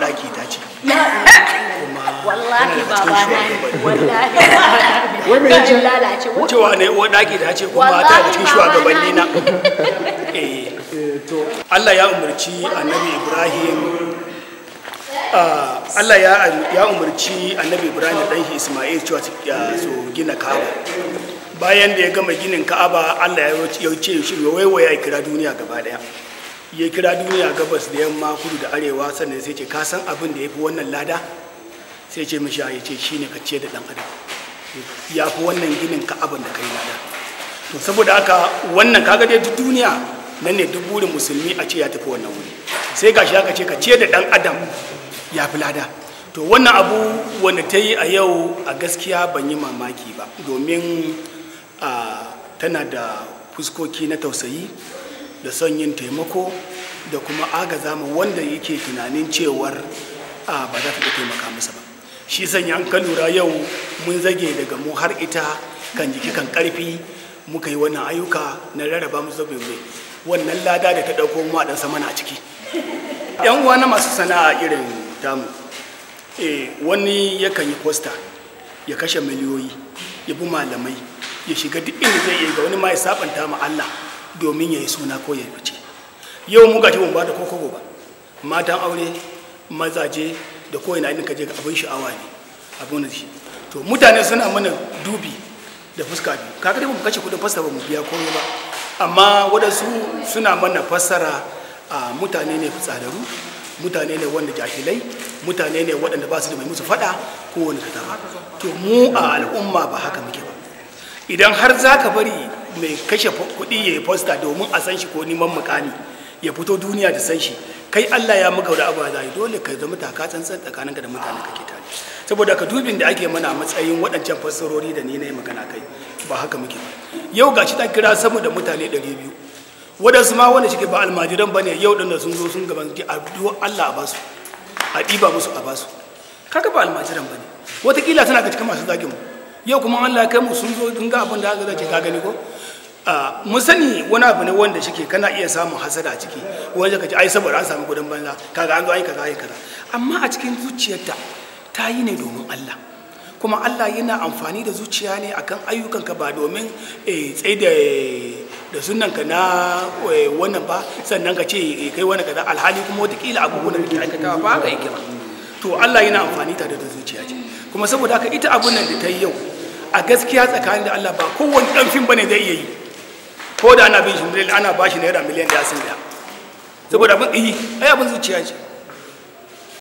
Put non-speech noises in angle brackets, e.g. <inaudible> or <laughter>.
ɗaki ta ce wallahi na wallahi <laughs> ta ce kuma ta cikin shugabanni na <laughs> eh. Eh, Allah ya umarci annabi Ibrahim ah, Allah ya umarci annabi Ibrahim dan Ismail cewa su gina Ka'aba bayan da ya gama ginin Ka'aba Allah ya yauce shi waiwaya kira duniya gaba daya ya kira duniya gabas da yamma kudu da arewa sannan sai ce kasan abin da ya fi wannan lada sai ce mishi ya ce shi ne ka ce da ɗan adam ya fi wannan ginin ka abin da ka yi lada to saboda haka wannan kaga dai duniya nan ne duk burin musulmi a ce ya tafi wannan wuri sai gashi aka ce ka ce da ɗan adam ya fi lada to wannan abu wanda ta yi a yau a gaskiya ban yi mamaki ba domin ah, tana da fuskoki na tausayi da son yin taimako da kuma agaza mu wanda yake tunanin cewar a ba za ta taimaka masa ba shi sanya an ka lura yau mun zage daga mu har ita kan jiki kan karfi muka yi wannan ayyuka na rarraba musu zobe wannan lada da ta dauko mu a sama na ciki yan uwa na masu sana'a irin tamu eh wani yakan yi poster ya kashe miliyoyi ya bi malamai ya shiga duk inda zai iya ga wani ma ya sabanta ma Allah domin ya yi suna ko ya yi fice yau mu gashi ba da koko ba matan aure mazaje da ko ina ka je abin sha'awa ne abin da shi to mutane suna mana dubi da fuska biyu kaga dai mu kace kudin fasara ba mu biya komai ba amma wadansu suna mana fasara a mutane ne fitsararru mutane ne wanda jahilai mutane ne waɗanda ba su da mai musu faɗa ko wani ta to mu a al'umma ba haka muke ba idan har za ka bari mai kashe kuɗi ya yi fosta domin a san shi ko neman mukami ya fito duniya da san shi kai Allah ya muka wani abu a zai dole ka zama taka tsantsan tsakaninka da mutane kake tare saboda ka dubin da ake mana a matsayin waɗancan fassarori da ni na yi magana kai ba haka muke ba yau gashi ta kira sama da mutane 200 waɗansu ma wanda shi ba almajiran ba ne yau ɗin da sun zo sun gaban a Allah a basu a ɗiba musu a basu kaga ba almajiran ba ne watakila tana ga cikin masu zagin mu yau kuma Allah ya kai mu sun zo sun ga abin da aka zace ka gani ko mun sani wani abu ne wanda shi ke kana iya samun hasada a ciki wani zaka ji ai saboda an samu gudun banza kaga an zo ai kaza ai kaza amma a cikin zuciyarta ta yi ne domin Allah kuma Allah yana amfani da zuciya ne akan ayyukanka ba domin eh, tsaye da da sunanka na eh, wannan ba sannan ka ce eh, kai wani kaza alhali kuma watakila abubuwan da kake aikatawa ba haka yake ba to Allah yana amfani ta da zuciya ce kuma saboda haka ita abun nan da ta yi yau a gaskiya tsakanin da Allah ba kowane ɗan fim bane zai iya yi ko da ana bin shi ana ba shi naira miliyan da ya sun da saboda abin ɗihi eh, ai abin zuciya ce